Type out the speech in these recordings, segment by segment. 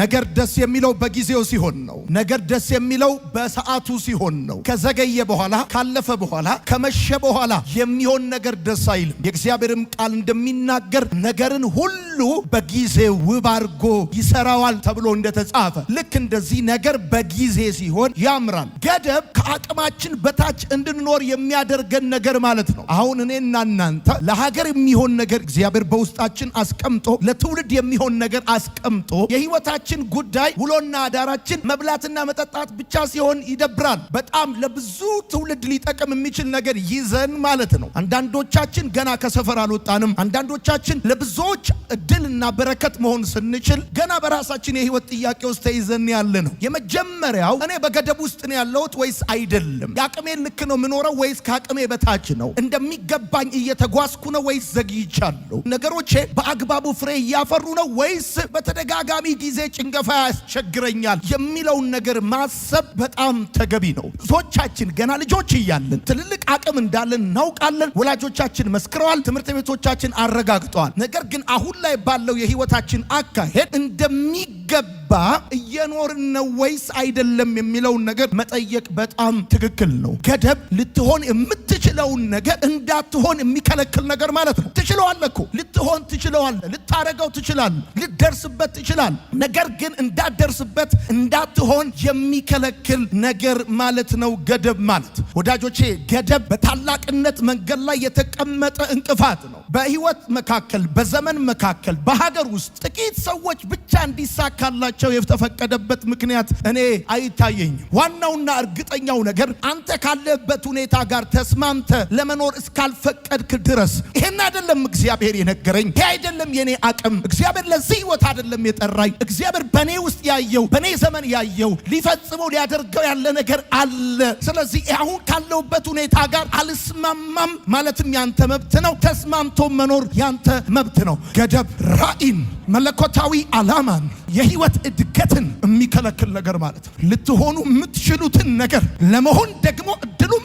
ነገር ደስ የሚለው በጊዜው ሲሆን ነው። ነገር ደስ የሚለው በሰዓቱ ሲሆን ነው። ከዘገየ በኋላ ካለፈ በኋላ ከመሸ በኋላ የሚሆን ነገር ደስ አይልም። የእግዚአብሔርም ቃል እንደሚናገር ነገርን ሁሉ በጊዜ ውብ አድርጎ ይሰራዋል ተብሎ እንደተጻፈ ልክ እንደዚህ ነገር በጊዜ ሲሆን ያምራል። ገደብ ከአቅማችን በታች እንድንኖር የሚያደርገን ነገር ማለት ነው። አሁን እኔና እናንተ ለሀገር የሚሆን ነገር እግዚአብሔር በውስጣችን አስቀምጦ ለትውልድ የሚሆን ነገር አስቀምጦ የህይወታ የህይወታችን ጉዳይ ውሎና አዳራችን መብላትና መጠጣት ብቻ ሲሆን ይደብራል። በጣም ለብዙ ትውልድ ሊጠቅም የሚችል ነገር ይዘን ማለት ነው። አንዳንዶቻችን ገና ከሰፈር አልወጣንም። አንዳንዶቻችን ለብዙዎች እድልና በረከት መሆን ስንችል ገና በራሳችን የህይወት ጥያቄ ውስጥ ተይዘን ያለ ነው። የመጀመሪያው እኔ በገደብ ውስጥ ነው ያለሁት ወይስ አይደለም? የአቅሜ ልክ ነው የምኖረው ወይስ ከአቅሜ በታች ነው? እንደሚገባኝ እየተጓዝኩ ነው ወይስ ዘግይቻለሁ? ነገሮቼ በአግባቡ ፍሬ እያፈሩ ነው ወይስ በተደጋጋሚ ጊዜ ጭንገፋ ያስቸግረኛል የሚለውን ነገር ማሰብ በጣም ተገቢ ነው። ብዙዎቻችን ገና ልጆች እያለን ትልልቅ አቅም እንዳለን እናውቃለን። ወላጆቻችን መስክረዋል፣ ትምህርት ቤቶቻችን አረጋግጠዋል። ነገር ግን አሁን ላይ ባለው የህይወታችን አካሄድ እንደሚገባ ሲገባ እየኖርን ነው ወይስ አይደለም የሚለውን ነገር መጠየቅ በጣም ትክክል ነው። ገደብ ልትሆን የምትችለውን ነገር እንዳትሆን የሚከለክል ነገር ማለት ነው። ትችለዋለህ እኮ ልትሆን ትችለዋለህ፣ ልታረገው ትችላለህ፣ ልትደርስበት ትችላለህ። ነገር ግን እንዳትደርስበት እንዳትሆን የሚከለክል ነገር ማለት ነው ገደብ ማለት። ወዳጆቼ ገደብ በታላቅነት መንገድ ላይ የተቀመጠ እንቅፋት ነው። በህይወት መካከል፣ በዘመን መካከል፣ በሀገር ውስጥ ጥቂት ሰዎች ብቻ እንዲሳካላቸው እንድትረዳቸው የተፈቀደበት ምክንያት እኔ አይታየኝም። ዋናውና እርግጠኛው ነገር አንተ ካለበት ሁኔታ ጋር ተስማምተ ለመኖር እስካልፈቀድክ ድረስ ይህን አይደለም እግዚአብሔር የነገረኝ። ይሄ አይደለም የኔ አቅም። እግዚአብሔር ለዚህ ህይወት አይደለም የጠራኝ። እግዚአብሔር በእኔ ውስጥ ያየው በእኔ ዘመን ያየው ሊፈጽመው ሊያደርገው ያለ ነገር አለ። ስለዚህ አሁን ካለውበት ሁኔታ ጋር አልስማማም ማለትም ያንተ መብት ነው። ተስማምቶ መኖር ያንተ መብት ነው። ገደብ ራኢን መለኮታዊ ዓላማን የህይወት እድገትን የሚከለክል ነገር ማለት ነው። ልትሆኑ የምትችሉትን ነገር ለመሆን ደግሞ እድሉም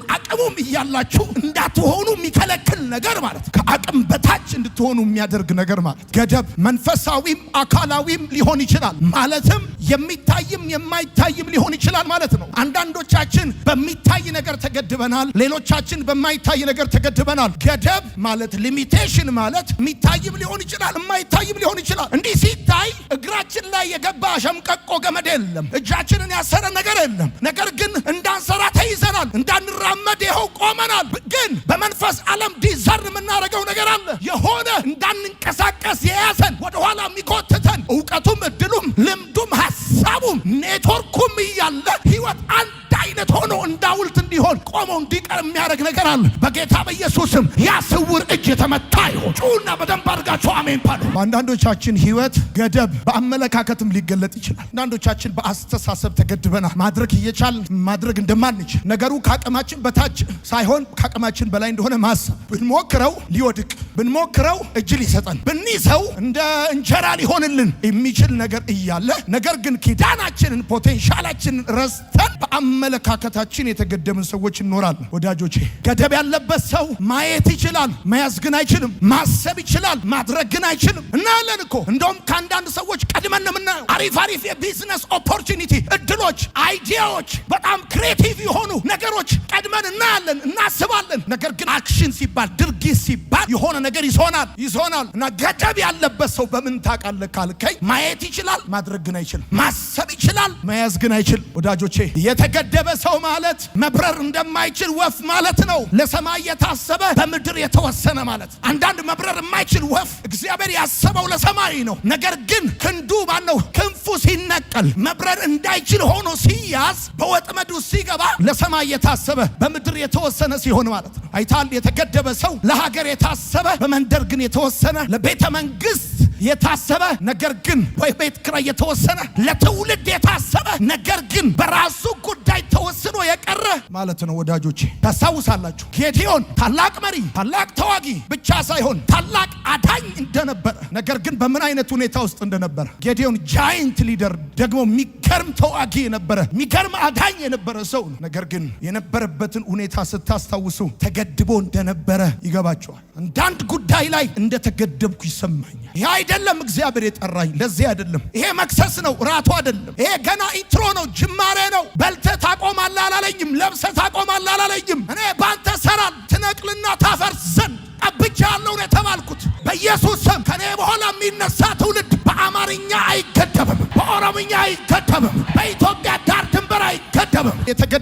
ሁሉም እያላችሁ እንዳትሆኑ የሚከለክል ነገር ማለት ከአቅም በታች እንድትሆኑ የሚያደርግ ነገር ማለት ገደብ መንፈሳዊም አካላዊም ሊሆን ይችላል። ማለትም የሚታይም የማይታይም ሊሆን ይችላል ማለት ነው። አንዳንዶቻችን በሚታይ ነገር ተገድበናል፣ ሌሎቻችን በማይታይ ነገር ተገድበናል። ገደብ ማለት ሊሚቴሽን ማለት የሚታይም ሊሆን ይችላል፣ የማይታይም ሊሆን ይችላል። እንዲህ ሲታይ እግራችን ላይ የገባ ሸምቀቆ ገመድ የለም፣ እጃችንን ያሰረ ነገር የለም። ነገር ግን እንዳንሰራ ተይዘናል፣ እንዳንራመድ ሰው ቆመናል። ግን በመንፈስ ዓለም ዲዘር የምናደርገው ነገር አለ። የሆነ እንዳንንቀሳቀስ የያዘ የሚያደርግ ነገር አለ። በጌታ በኢየሱስም ያ ስውር እጅ የተመታ ይሆን ጩና በደንብ አድርጋችሁ አሜን በሉ። በአንዳንዶቻችን ህይወት ገደብ በአመለካከትም ሊገለጥ ይችላል። አንዳንዶቻችን በአስተሳሰብ ተገድበናል። ማድረግ እየቻል ማድረግ እንደማንችል ነገሩ ከአቅማችን በታች ሳይሆን ከአቅማችን በላይ እንደሆነ ማሰብ ብንሞክረው ሊወድቅ ብንሞክረው እጅ ሊሰጠን ብንይዘው እንደ እንጀራ ሊሆንልን የሚችል ነገር እያለ ነገር ግን ኪዳናችንን ፖቴንሻላችንን ረስተን በአመለካከታችን የተገደብን ሰዎች እንኖራለን። ወዳጆቼ ገደብ ያለበት ሰው ማየት ይችላል፣ መያዝ ግን አይችልም። ማሰብ ይችላል፣ ማድረግ ግን አይችልም። እናያለን እኮ እንደውም ከአንዳንድ ሰዎች ቀድመን ነው የምናየው። አሪፍ አሪፍ የቢዝነስ ኦፖርቹኒቲ፣ እድሎች፣ አይዲያዎች፣ በጣም ክሬቲቭ የሆኑ ነገሮች ቀድመን እናያለን፣ እናስባለን። ነገር ግን አክሽን ሲባል ድርጊት ሲባል የሆነ ነገር ይዞናል ይዞናል እና ገደብ ያለበት ሰው በምን ታውቃለህ ካልከኝ ማየት ይችላል፣ ማድረግ ግን አይችልም። ማሰብ ይችላል፣ መያዝ ግን አይችልም። ወዳጆቼ የተገደበ ሰው ማለት መብረር እንደማይችል ወፍ ማለት ነው። ለሰማይ የታሰበ በምድር የተወሰነ ማለት። አንዳንድ መብረር የማይችል ወፍ እግዚአብሔር ያሰበው ለሰማይ ነው። ነገር ግን ክንዱ ማነው ክንፉ ሲነቀል መብረር እንዳይችል ሆኖ ሲያዝ በወጥመዱ ሲገባ ለሰማይ የታሰበ በምድር የተወሰነ ሲሆን ማለት ነው። አይታል የተገደበ ሰው ለሀገር የታሰበ በመንደር ግን የተወሰነ ለቤተ መንግስት የታሰበ ነገር ግን ወይ ቤት ኪራይ የተወሰነ ለትውልድ የታሰበ ነገር ግን በራሱ ጉዳይ ተወስኖ የቀረ ማለት ነው። ወዳጆቼ ታስታውሳላችሁ፣ ጌዲዮን ታላቅ መሪ፣ ታላቅ ተዋጊ ብቻ ሳይሆን ታላቅ አዳኝ እንደነበረ ነገር ግን በምን አይነት ሁኔታ ውስጥ እንደነበረ ጌዲዮን ጃይንት ሊደር ደግሞ የሚገርም ተዋጊ የነበረ የሚገርም አዳኝ የነበረ ሰው ነው። ነገር ግን የነበረበትን ሁኔታ ስታስታውሱ ተገድቦ እንደነበረ ይገባቸዋል። አንዳንድ ጉዳይ ላይ እንደተገደብኩ ይሰማኛል። ይሄ አይደለም እግዚአብሔር የጠራኝ ለዚህ አይደለም። ይሄ መክሰስ ነው፣ ራቱ አይደለም። ይሄ ገና ኢትሮ ነው፣ ጅማሬ ነው። በልተ ታቆማለህ አላለኝም። ለብሰ ታቆማለህ አላለኝም። እኔ ባንተ ሰራል ትነቅልና ታፈርስ ዘንድ ተቀብቻለሁ ነው የተባልኩት። በኢየሱስ ስም ከኔ በኋላ የሚነሳ ትውልድ በአማርኛ አይገደብም፣ በኦሮምኛ አይገደብም፣ በኢትዮ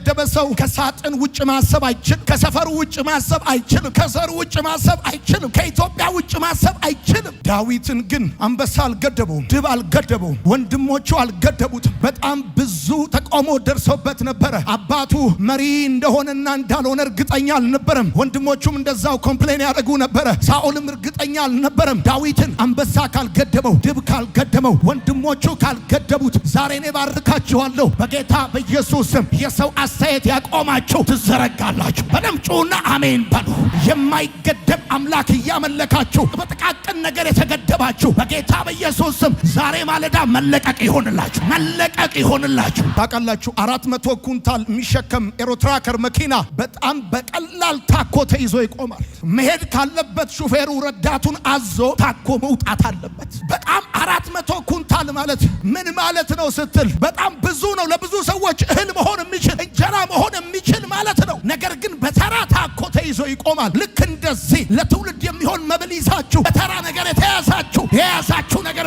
የተመደበ ሰው ከሳጥን ውጭ ማሰብ አይችልም። ከሰፈሩ ውጭ ማሰብ አይችልም። ከዘሩ ውጭ ማሰብ አይችልም። ከኢትዮጵያ ውጭ ማሰብ አይችልም። ዳዊትን ግን አንበሳ አልገደበውም፣ ድብ አልገደበውም፣ ወንድሞቹ አልገደቡትም። በጣም ብዙ ተቃውሞ ደርሶበት ነበረ። አባቱ መሪ እንደሆነና እንዳልሆነ እርግጠኛ አልነበረም። ወንድሞቹም እንደዛው ኮምፕሌን ያደረጉ ነበረ። ሳኦልም እርግጠኛ አልነበረም። ዳዊትን አንበሳ ካልገደበው፣ ድብ ካልገደመው፣ ወንድሞቹ ካልገደቡት ዛሬ እኔ ባርካችኋለሁ በጌታ በኢየሱስ ስም የሰው አስ አስተያየት ያቆማችሁ ትዘረጋላችሁ። በደም ጩና አሜን በሉ። የማይገደብ አምላክ እያመለካችሁ በጥቃቅን ነገር የተገደባችሁ በጌታ በኢየሱስ ስም ዛሬ ማለዳ መለቀቅ ይሆንላችሁ፣ መለቀቅ ይሆንላችሁ። ታውቃላችሁ አራት መቶ ኩንታል የሚሸከም ኤሮትራከር መኪና በጣም በቀላል ታኮ ተይዞ ይቆማል። መሄድ ካለበት ሹፌሩ ረዳቱን አዞ ታኮ መውጣት አለበት። በጣም አራት መቶ ኩንታል ማለት ምን ማለት ነው ስትል በጣም ብዙ ነው። ለብዙ ሰዎች እህል መሆን የሚችል እንጀራ ተራ መሆን የሚችል ማለት ነው። ነገር ግን በተራ ታኮ ተይዞ ይቆማል። ልክ እንደዚህ ለትውልድ የሚሆን መብል ይዛችሁ በተራ ነገር የተያዛችሁ የያዘ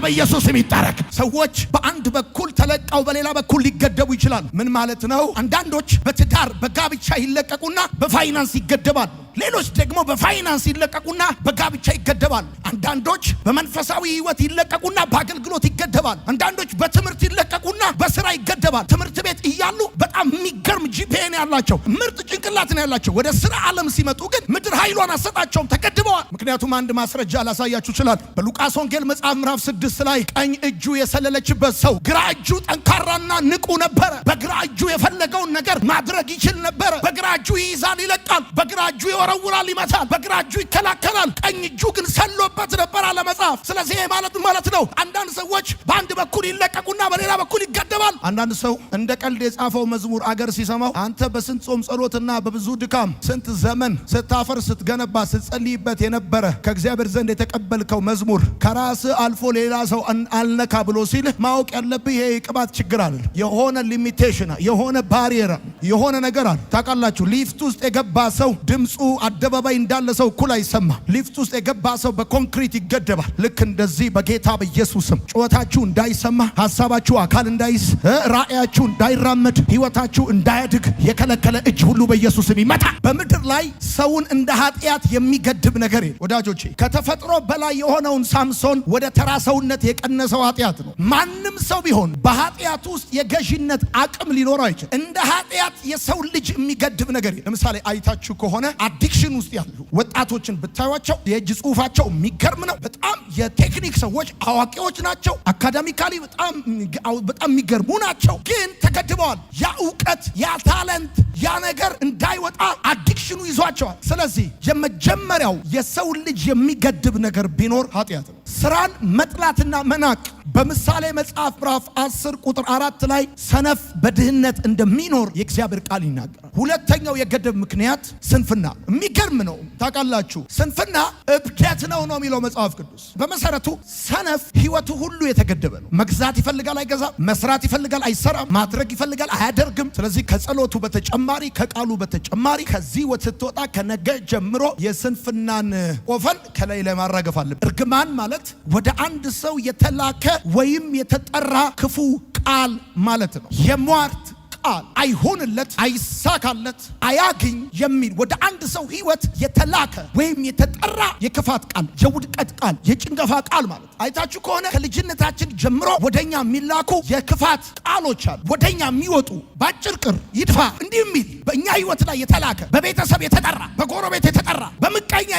በኢየሱስ ስም ሰዎች በአንድ በኩል ተለቀው በሌላ በኩል ሊገደቡ ይችላሉ። ምን ማለት ነው? አንዳንዶች በትዳር በጋብቻ ይለቀቁና በፋይናንስ ይገደባሉ። ሌሎች ደግሞ በፋይናንስ ይለቀቁና በጋብቻ ይገደባሉ። አንዳንዶች በመንፈሳዊ ሕይወት ይለቀቁና በአገልግሎት ይገደባሉ። አንዳንዶች በትምህርት ይለቀቁና በስራ ይገደባሉ። ትምህርት ቤት እያሉ በጣም የሚገርም ጂፒኤን ያላቸው ምርጥ ጭንቅላትን ያላቸው ወደ ስራ ዓለም ሲመጡ ግን ምድር ኃይሏን አሰጣቸውም፣ ተገድበዋል። ምክንያቱም አንድ ማስረጃ ላሳያችሁ ይችላል። በሉቃስ ወንጌል መጽሐፍ ምዕራፍ ስድስት መንግስት ላይ ቀኝ እጁ የሰለለችበት ሰው ግራ እጁ ጠንካራና ንቁ ነበረ። በግራ የፈለገውን ነገር ማድረግ ይችል ነበረ። በግራ እጁ ይይዛል፣ ይለቃል። በግራ እጁ ይወረውራል፣ ይመታል። በግራ እጁ ይከላከላል። ቀኝ እጁ ግን ሰሎበት ነበር አለ መጽሐፍ። ስለዚህ ይሄ ማለት ማለት ነው አንዳንድ ሰዎች በአንድ በኩል ይለቀቁና በሌላ በኩል ይገደባል። አንዳንድ ሰው እንደ ቀልድ የጻፈው መዝሙር አገር ሲሰማው አንተ በስንት ጾም ጸሎትና በብዙ ድካም ስንት ዘመን ስታፈር ስትገነባ ስትጸልይበት የነበረ ከእግዚአብሔር ዘንድ የተቀበልከው መዝሙር ከራስ አልፎ ሌላ ሰው አልነካ ብሎ ሲል ማወቅ ያለብህ ይሄ የቅባት ችግር አለ። የሆነ ሊሚቴሽን የሆነ ባሪየር የሆነ ነገር አለ። ታውቃላችሁ፣ ሊፍት ውስጥ የገባ ሰው ድምፁ አደባባይ እንዳለ ሰው እኩል አይሰማ። ሊፍት ውስጥ የገባ ሰው በኮንክሪት ይገደባል። ልክ እንደዚህ በጌታ በኢየሱስም ጩኸታችሁ እንዳይሰማ፣ ሀሳባችሁ አካል እንዳይስ፣ ራእያችሁ እንዳይራመድ፣ ህይወታችሁ እንዳያድግ የከለከለ እጅ ሁሉ በኢየሱስም ይመጣ በምድር ላይ ሰውን እንደ ኃጢአት የሚገድብ ነገር የለም ወዳጆቼ። ከተፈጥሮ በላይ የሆነውን ሳምሶን ወደ ተራ ሰውነት የቀነሰው ኃጢአት ነው። ማንም ሰው ቢሆን በኃጢአት ውስጥ የገዢነት አቅም ሊኖረው አይችል እንደ ኃጢአት የሰው ልጅ የሚገድብ ነገር ለምሳሌ አይታችሁ ከሆነ አዲክሽን ውስጥ ያሉ ወጣቶችን ብታዩቸው የእጅ ጽሁፋቸው የሚገርም ነው። በጣም የቴክኒክ ሰዎች አዋቂዎች ናቸው። አካዳሚካሊ በጣም የሚገርሙ ናቸው፣ ግን ተገድበዋል። ያ እውቀት፣ ያ ታለንት፣ ያ ነገር እንዳይወጣ አዲክሽኑ ይዟቸዋል። ስለዚህ የመጀመሪያው የሰው ልጅ የሚገድብ ነገር ቢኖር ኃጢአት ነው። ስራን መጥላትና መናቅ በምሳሌ መጽሐፍ ምዕራፍ 10 ቁጥር አራት ላይ ሰነፍ በድህነት እንደሚኖር የእግዚአብሔር ቃል ይናገራል። ሁለተኛው የገደብ ምክንያት ስንፍና። የሚገርም ነው ታውቃላችሁ። ስንፍና እብደት ነው ነው የሚለው መጽሐፍ ቅዱስ። በመሰረቱ ሰነፍ ህይወቱ ሁሉ የተገደበ ነው። መግዛት ይፈልጋል፣ አይገዛም። መስራት ይፈልጋል፣ አይሰራም። ማድረግ ይፈልጋል፣ አያደርግም። ስለዚህ ከጸሎቱ በተጨማሪ ከቃሉ በተጨማሪ ከዚህ ስትወጣ ከነገ ጀምሮ የስንፍናን ቆፈን ከላይ ለማራገፍ ማራገፍ እርግማን ማለት ወደ አንድ ሰው የተላከ ወይም የተጠራ ክፉ ቃል ማለት ነው። የሟርት ቃል አይሆንለት፣ አይሳካለት፣ አያግኝ የሚል ወደ አንድ ሰው ህይወት የተላከ ወይም የተጠራ የክፋት ቃል፣ የውድቀት ቃል፣ የጭንገፋ ቃል ማለት አይታችሁ ከሆነ ከልጅነታችን ጀምሮ ወደኛ የሚላኩ የክፋት ቃሎች አሉ። ወደኛ የሚወጡ በአጭር ቅር ይድፋ እንዲህ የሚል በእኛ ህይወት ላይ የተላከ በቤተሰብ የተጠራ በጎረቤት የተጠራ በምቀኛ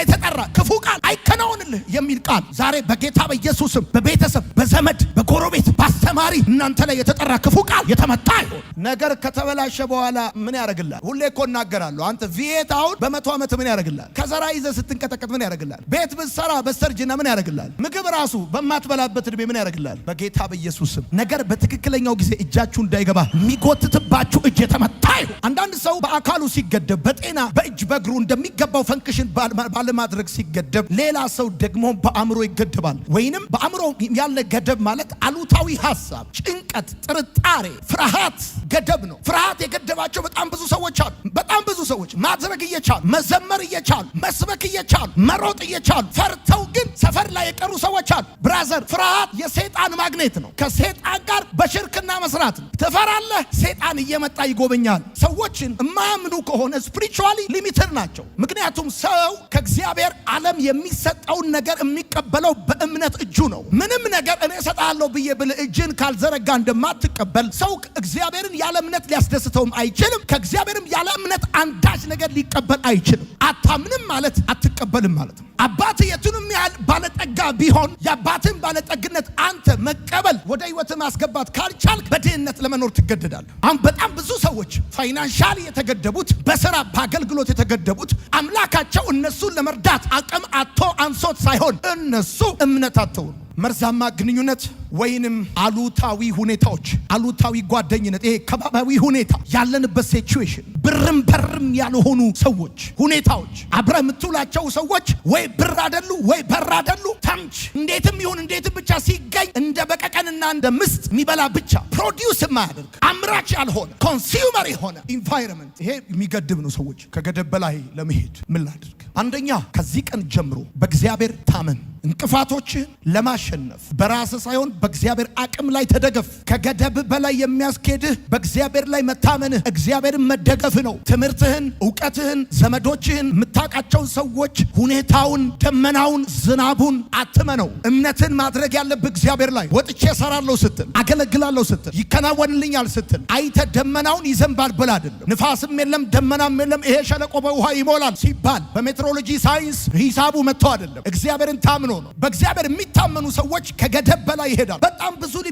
ሰይጣን ዛሬ በጌታ በኢየሱስም በቤተሰብ በዘመድ በጎረቤት በአስተማሪ እናንተ ላይ የተጠራ ክፉ ቃል የተመታ ይሆን። ነገር ከተበላሸ በኋላ ምን ያደርግላል? ሁሌ እኮ እናገራለሁ። አንተ ቪየት አሁን በመቶ ዓመት ምን ያደርግላል? ከዘራ ይዘ ስትንቀጠቀጥ ምን ያደርግላል? ቤት ብትሰራ በስተርጅና ምን ያደርግላል? ምግብ ራሱ በማትበላበት እድሜ ምን ያደርግላል? በጌታ በኢየሱስም ነገር በትክክለኛው ጊዜ እጃችሁ እንዳይገባ የሚጎትትባችሁ እጅ የተመታ ይሁን። አንዳንድ ሰው በአካሉ ሲገደብ በጤና በእጅ በእግሩ እንደሚገባው ፈንክሽን ባለማድረግ ሲገደብ፣ ሌላ ሰው ደግሞ በአ አእምሮ ይገደባል። ወይንም በአእምሮ ያለ ገደብ ማለት አሉታዊ ሀሳብ፣ ጭንቀት፣ ጥርጣሬ፣ ፍርሃት ገደብ ነው። ፍርሃት የገደባቸው በጣም ብዙ ሰዎች አሉ። በጣም ብዙ ሰዎች ማድረግ እየቻሉ መዘመር እየቻሉ መስበክ እየቻሉ መሮጥ እየቻሉ ፈርተው ግን ሰፈር ላይ የቀሩ ሰዎች አሉ። ብራዘር፣ ፍርሃት የሴጣን ማግኔት ነው። ከሴጣን ጋር በሽርክና መስራት ነው። ትፈራለህ፣ ሴጣን እየመጣ ይጎበኛል። ሰዎችን የማያምኑ ከሆነ ስፒሪቹዋሊ ሊሚትድ ናቸው። ምክንያቱም ሰው ከእግዚአብሔር ዓለም የሚሰጠውን ነገር የሚ የሚቀበለው በእምነት እጁ ነው። ምንም ነገር እኔ እሰጥሃለሁ ብዬ ብል እጅን ካልዘረጋ እንደማትቀበል ሰው እግዚአብሔርን ያለ እምነት ሊያስደስተውም አይችልም። ከእግዚአብሔርም ያለ እምነት አንዳች ነገር ሊቀበል አይችልም። አታምንም ማለት አትቀበልም ማለት ነው። አባት የቱንም ያህል ባለጠጋ ቢሆን የአባትን ባለጠግነት አንተ መቀበል ወደ ህይወት ማስገባት ካልቻልክ በድህነት ለመኖር ትገደዳለህ። አሁን በጣም ብዙ ሰዎች ፋይናንሻል የተገደቡት፣ በስራ በአገልግሎት የተገደቡት አምላካቸው እነሱን ለመርዳት አቅም አቶ አንሶት ሳይሆን እነሱ እምነት መርዛማ ግንኙነት ወይንም አሉታዊ ሁኔታዎች፣ አሉታዊ ጓደኝነት፣ ይሄ ከባባዊ ሁኔታ ያለንበት ሲቹዌሽን፣ ብርም በርም ያልሆኑ ሰዎች፣ ሁኔታዎች፣ አብረ የምትውላቸው ሰዎች ወይ ብር አደሉ ወይ በር አደሉ። ተምች እንዴትም ይሁን እንዴትም ብቻ ሲገኝ እንደ እንደ አንድ ምስጥ የሚበላ ብቻ ፕሮዲውስ የማያደርግ አምራች ያልሆነ ኮንሱመር የሆነ ኢንቫይሮንመንት ይሄ የሚገድብ ነው። ሰዎች ከገደብ በላይ ለመሄድ ምን ላድርግ? አንደኛ ከዚህ ቀን ጀምሮ በእግዚአብሔር ታመን። እንቅፋቶችህን ለማሸነፍ በራስህ ሳይሆን በእግዚአብሔር አቅም ላይ ተደገፍ። ከገደብ በላይ የሚያስኬድህ በእግዚአብሔር ላይ መታመንህ እግዚአብሔርን መደገፍ ነው። ትምህርትህን፣ እውቀትህን፣ ዘመዶችህን፣ የምታውቃቸውን ሰዎች፣ ሁኔታውን፣ ደመናውን፣ ዝናቡን አትመነው። እምነትን ማድረግ ያለብህ እግዚአብሔር ላይ ወጥቼ ሰራ እሰራለሁ ስትል፣ አገለግላለሁ ስትል፣ ይከናወንልኛል ስትል አይተ ደመናውን ይዘንባል ብል አይደለም። ንፋስም የለም ደመናም የለም ይሄ ሸለቆ በውሃ ይሞላል ሲባል በሜትሮሎጂ ሳይንስ ሂሳቡ መጥቶ አይደለም። እግዚአብሔርን ታምኖ ነው። በእግዚአብሔር የሚታመኑ ሰዎች ከገደብ በላይ ይሄዳል። በጣም ብዙ አለ።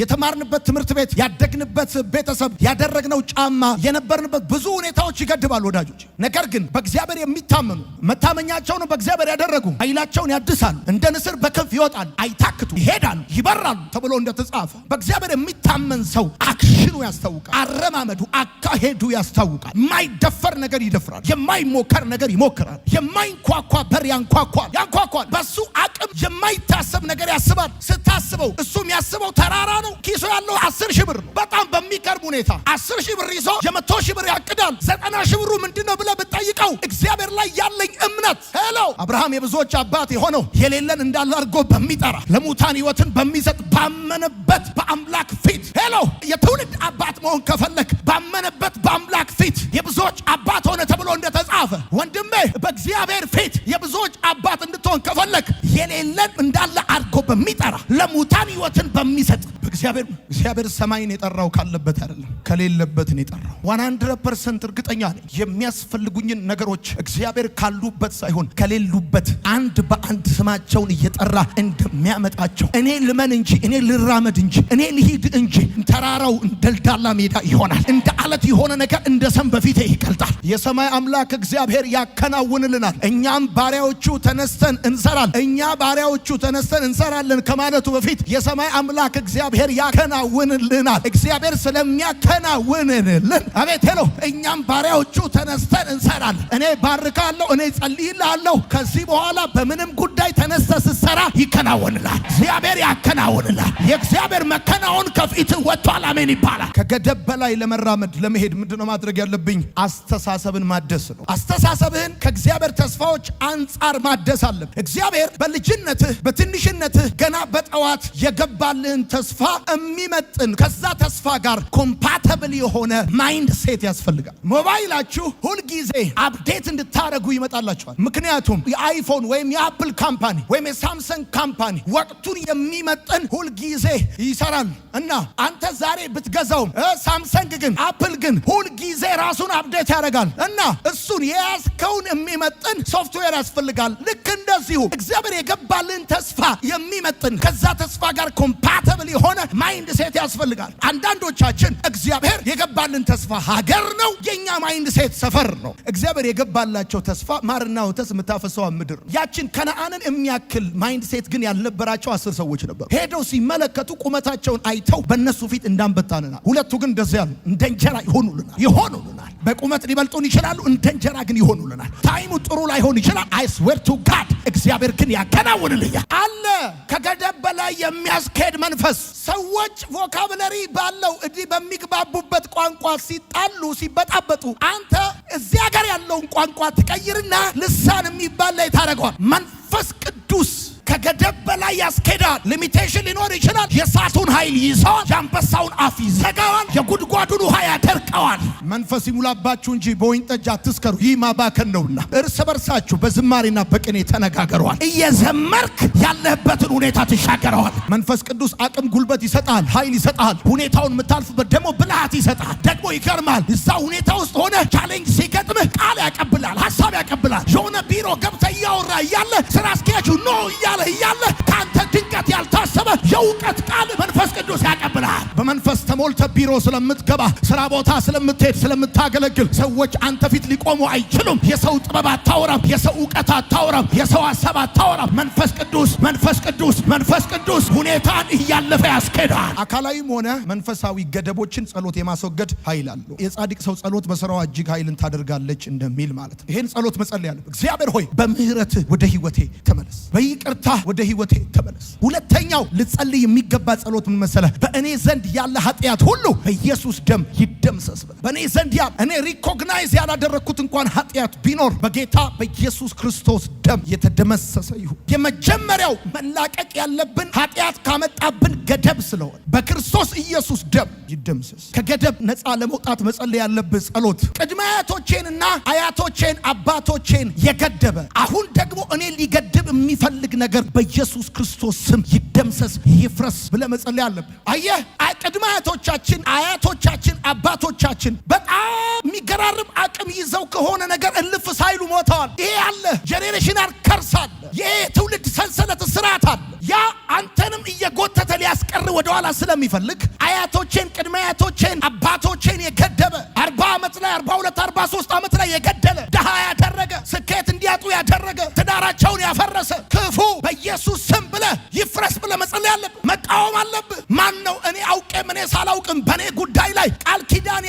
የተማርንበት ትምህርት ቤት፣ ያደግንበት ቤተሰብ፣ ያደረግነው ጫማ፣ የነበርንበት ብዙ ሁኔታዎች ይገድባሉ ወዳጆች። ነገር ግን በእግዚአብሔር የሚታመኑ መታመኛቸውን በእግዚአብሔር ያደረጉ ኃይላቸውን ያድሳሉ፣ እንደ ንስር በክንፍ ይወጣሉ፣ አይታክቱ፣ ይሄዳሉ፣ ይበራሉ ተብሎ እንደተጻፈ በእግዚአብሔር የሚታመን ሰው አክሽኑ ያስታውቃል። አረማመዱ፣ አካሄዱ ያስታውቃል። የማይደፈር ነገር ይደፍራል። የማይሞከር ነገር ይሞክራል። የማይንኳኳ በር ያንኳኳል፣ ያንኳኳል። በሱ አቅም የማይታሰብ ነገር ያስባል። ስታስበው እሱ የሚያስበው ተራራ ነው። ኪሶ ያለው አስር ሺህ ብር ነው። በጣም በሚቀርብ ሁኔታ አስር ሺህ ብር ይዞ የመቶ ሺህ ብር ያቅዳል። ዘጠና ሺህ ብሩ ምንድን ነው ብለህ ብጠይቀው እግዚአብሔር ላይ ያለኝ እምነት ሄሎ አብርሃም የብዙዎች አባት የሆነው የሌለን እንዳለ አድርጎ በሚጠራ ለሙታን ህይወትን በሚሰጥ ባም በታመነበት በአምላክ ፊት ሄሎ የትውልድ አባት መሆን ከፈለክ ባመነበት በአምላክ ፊት የብዙዎች አባት ሆነ ተብሎ እንደተጻፈ ወንድሜ በእግዚአብሔር ፊት የብዙዎች አባት እንድትሆን ከፈለግ የሌለን እንዳለ አድርጎ በሚጠራ ለሙታን ህይወትን በሚሰጥ በእግዚአብሔር እግዚአብሔር ሰማይን የጠራው ካለበት አይደለም ከሌለበትን የጠራው ዋን ሀንድረድ ፐርሰንት እርግጠኛ ነኝ። የሚያስፈልጉኝን ነገሮች እግዚአብሔር ካሉበት ሳይሆን ከሌሉበት አንድ በአንድ ስማቸውን እየጠራ እንደሚያመጣቸው እኔ ልመን እንጂ እኔ ልራመድ እንጂ እኔ ልሂድ እንጂ ተራራው እንደልዳላ ሜዳ ይሆናል። እንደ አለት የሆነ ነገር እንደ ሰም በፊቴ ይቀልጣል። የሰማይ አምላክ እግዚአብሔር ያከናውንልናል። እኛም ባሪያዎቹ ተነስተን እንሰራል። እኛ ባሪያዎቹ ተነስተን እንሰራለን ከማለቱ በፊት የሰማይ አምላክ እግዚአብሔር ያከናውንልናል። እግዚአብሔር ስለሚያከናውንልን አቤት ሄሎ፣ እኛም ባሪያዎቹ ተነስተን እንሰራለን። እኔ ባርካለሁ፣ እኔ ጸልይላለሁ። ከዚህ በኋላ በምንም ጉዳይ ተነስተ ስትሰራ ይከናወንላል። እግዚአብሔር ያከናውንላል። የእግዚአብሔር መከናወን ከፊት ወጥቷል። አሜን ይባላል። ከገደብ በላይ ለመ ለመራመድ ለመሄድ ምንድነው ማድረግ ያለብኝ? አስተሳሰብን ማደስ ነው። አስተሳሰብህን ከእግዚአብሔር ተስፋዎች አንጻር ማደስ አለብ። እግዚአብሔር በልጅነትህ በትንሽነትህ ገና በጠዋት የገባልህን ተስፋ የሚመጥን ከዛ ተስፋ ጋር ኮምፓተብል የሆነ ማይንድ ሴት ያስፈልጋል። ሞባይላችሁ ሁልጊዜ አፕዴት እንድታደረጉ ይመጣላችኋል። ምክንያቱም የአይፎን ወይም የአፕል ካምፓኒ ወይም የሳምሰንግ ካምፓኒ ወቅቱን የሚመጥን ሁልጊዜ ይሰራል እና አንተ ዛሬ ብትገዛውም ሳምሰንግ ግን አፕል ግን ሁል ጊዜ ራሱን አፕዴት ያደርጋል እና እሱን የያዝከውን የሚመጥን ሶፍትዌር ያስፈልጋል። ልክ እንደዚሁ እግዚአብሔር የገባልን ተስፋ የሚመጥን ከዛ ተስፋ ጋር ኮምፓተብል የሆነ ማይንድ ሴት ያስፈልጋል። አንዳንዶቻችን እግዚአብሔር የገባልን ተስፋ ሀገር ነው፣ የእኛ ማይንድ ሴት ሰፈር ነው። እግዚአብሔር የገባላቸው ተስፋ ማርና ወተት የምታፈሰዋ ምድር ያችን ከነአንን የሚያክል ማይንድ ሴት ግን ያልነበራቸው አስር ሰዎች ነበሩ። ሄደው ሲመለከቱ ቁመታቸውን አይተው በእነሱ ፊት እንዳንበታንና ሁለቱ ግን እንደዚያ ያሉ እንጀራ ይሆኑልናል ይሆኑልናል። በቁመት ሊበልጡን ይችላሉ፣ እንደ እንጀራ ግን ይሆኑልናል። ታይሙ ጥሩ ላይሆን ይችላል። ስዌር ቱ ጋድ እግዚአብሔር ግን ያከናውንልኛል አለ። ከገደብ በላይ የሚያስካሄድ መንፈስ ሰዎች ቮካብለሪ ባለው እዲህ በሚግባቡበት ቋንቋ ሲጣሉ ሲበጣበጡ አንተ እዚህ ሀገር ያለውን ቋንቋ ትቀይርና ልሳን የሚባል ላይ ታደርገዋል። መንፈስ ቅዱስ ከገደብ በላይ ያስኬዳል። ሊሚቴሽን ሊኖር ይችላል። የእሳቱን ኃይል ይዘዋል። የአንበሳውን አፍ ይዘጋዋል። የጉድጓዱን ውሃ ያደርቀዋል። መንፈስ ይሙላባችሁ እንጂ በወይን ጠጅ አትስከሩ፣ ይህ ማባከን ነውና። እርስ በርሳችሁ በዝማሬና በቅኔ ተነጋገረዋል። እየዘመርክ ያለህበትን ሁኔታ ትሻገረዋል። መንፈስ ቅዱስ አቅም፣ ጉልበት ይሰጣል፣ ኃይል ይሰጣል። ሁኔታውን የምታልፍበት ደግሞ ብልሃት ይሰጣል። ደግሞ ይገርማል። እዛ ሁኔታ ውስጥ ሆነ ቻሌንጅ ሲገጥምህ ቃል ያቀብላል፣ ሀሳብ ያቀብላል። የሆነ ቢሮ ገብተህ እያወራ እያለ ስራ አስኪያችሁ ኖ እያለ እያለህ እያለህ ከአንተ ድንቀት ያልታሰበ የእውቀት ቃል መንፈስ ቅዱስ ያቀብልሃል። በመንፈስ ተሞልተ ቢሮ ስለምትገባ ስራ ቦታ ስለምትሄድ ስለምታገለግል ሰዎች አንተ ፊት ሊቆሙ አይችሉም። የሰው ጥበብ አታውራም። የሰው እውቀት አታውራም። የሰው ሀሳብ አታውራም። መንፈስ ቅዱስ መንፈስ ቅዱስ መንፈስ ቅዱስ ሁኔታን እያለፈ ያስኬዳል። አካላዊም ሆነ መንፈሳዊ ገደቦችን ጸሎት የማስወገድ ኃይል አለ። የጻድቅ ሰው ጸሎት በስራዋ እጅግ ኃይልን ታደርጋለች እንደሚል ማለት ነው። ይህን ጸሎት መጸለይ ያለብህ እግዚአብሔር ሆይ በምህረት ወደ ህይወቴ ተመለስ፣ በይቅርት ፈታ ወደ ህይወቴ ተመለስ። ሁለተኛው ልጸልይ የሚገባ ጸሎት ምን መሰለ? በእኔ ዘንድ ያለ ኃጢአት ሁሉ በኢየሱስ ደም ይደምሰስ። በእኔ ዘንድ ያ እኔ ሪኮግናይዝ ያላደረግኩት እንኳን ኃጢአት ቢኖር በጌታ በኢየሱስ ክርስቶስ ደም የተደመሰሰ ይሁን። የመጀመሪያው መላቀቅ ያለብን ኃጢአት ካመጣብን ገደብ ስለሆነ በክርስቶስ ኢየሱስ ደም ይደምሰስ። ከገደብ ነፃ ለመውጣት መጸለይ ያለብህ ጸሎት ቅድመ አያቶቼንና አያቶቼን አባቶቼን የገደበ አሁን ደግሞ እኔ ሊገድብ የሚፈልግ ነገር ነገር በኢየሱስ ክርስቶስ ስም ይደምሰስ ይፍረስ ብለህ መጸለይ አለብህ። አየህ ቅድመ አያቶቻችን አያቶቻችን አባቶቻችን በጣም የሚገራርም አቅም ይዘው ከሆነ ነገር እልፍ ሳይሉ ሞተዋል። ይሄ አለ፣ ጄኔሬሽናል ከርስ አለ፣ ይሄ ትውልድ ሰንሰለት ስርዓት አለ። ያ አንተንም እየጎተተ ሊያስቀር ወደኋላ ስለሚፈልግ አያቶቼን ቅድመ አያቶቼን አባቶቼን የገደበ አርባ ዓመት ላይ አርባ ሁለት አርባ ሶስት ዓመት ላይ የገደለ ድሃ ያደረገ ስኬት እንዲያጡ ያደረገ ትዳራቸውን ያፈረሰ ክፉ በኢየሱስ ስም ብለህ ይፍረስ ብለህ መጸለይ አለብህ፣ መቃወም አለብህ። ማን ነው እኔ አውቄ ምኔ ሳላውቅም በእኔ ጉዳይ ላይ ቃል ኪዳን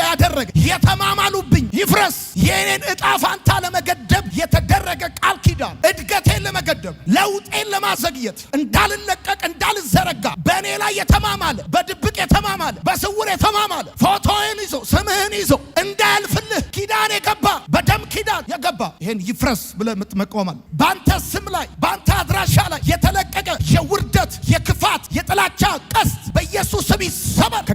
ያደረገ የተማማሉብኝ ይፍረስ። የእኔን እጣ ፋንታ ለመገደብ የተደረገ ቃል ኪዳን እድገቴን ለመገደብ ለውጤን ለማዘግየት እንዳልለቀቅ እንዳልዘረጋ በእኔ ላይ የተማማለ በድብቅ የተማማለ በስውር የተማማለ ፎቶን ይዞ ስምህን ይዞ እንዳያልፍልህ ኪዳን የገባ ገባ። ይሄን ይፍረስ ብለህ ምትመቆማል። በአንተ ስም ላይ በአንተ አድራሻ ላይ የተለቀቀ የውርደት የክፋት የጥላቻ ቀስ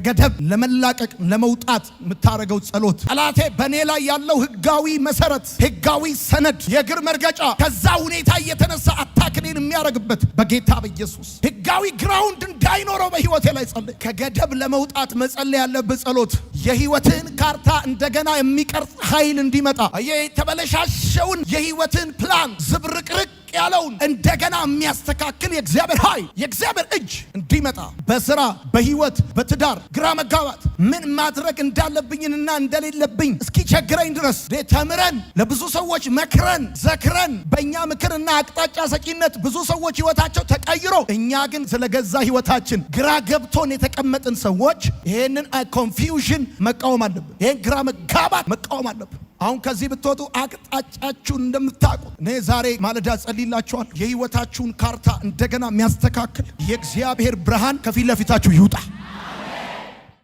ገደብ ለመላቀቅ ለመውጣት የምታደርገው ጸሎት ጠላቴ በእኔ ላይ ያለው ህጋዊ መሰረት፣ ህጋዊ ሰነድ፣ የእግር መርገጫ ከዛ ሁኔታ እየተነሳ አታክኔን የሚያደርግበት በጌታ በኢየሱስ ህጋዊ ግራውንድ እንዳይኖረው በህይወቴ ላይ ጸልይ። ከገደብ ለመውጣት መጸለይ ያለብህ ጸሎት የህይወትህን ካርታ እንደገና የሚቀርጽ ኃይል እንዲመጣ የተበለሻሸውን የህይወትን ፕላን ዝብርቅርቅ ያለውን እንደገና የሚያስተካክል የእግዚአብሔር ኃይል የእግዚአብሔር እጅ እንዲመጣ በስራ በህይወት በትዳር ግራ መጋባት ምን ማድረግ እንዳለብኝንና እንደሌለብኝ እስኪቸግረኝ ድረስ ተምረን ለብዙ ሰዎች መክረን ዘክረን በእኛ ምክርና አቅጣጫ ሰጪነት ብዙ ሰዎች ህይወታቸው ተቀይሮ እኛ ግን ስለገዛ ህይወታችን ግራ ገብቶን የተቀመጥን ሰዎች ይህንን ኮንፊውዥን መቃወም አለብን። ይህን ግራ መጋባት መቃወም አለብን። አሁን ከዚህ ብትወጡ አቅጣጫችሁን እንደምታውቁ እኔ ዛሬ ማለዳ ጸልላችኋል። የህይወታችሁን ካርታ እንደገና የሚያስተካክል የእግዚአብሔር ብርሃን ከፊት ለፊታችሁ ይውጣ።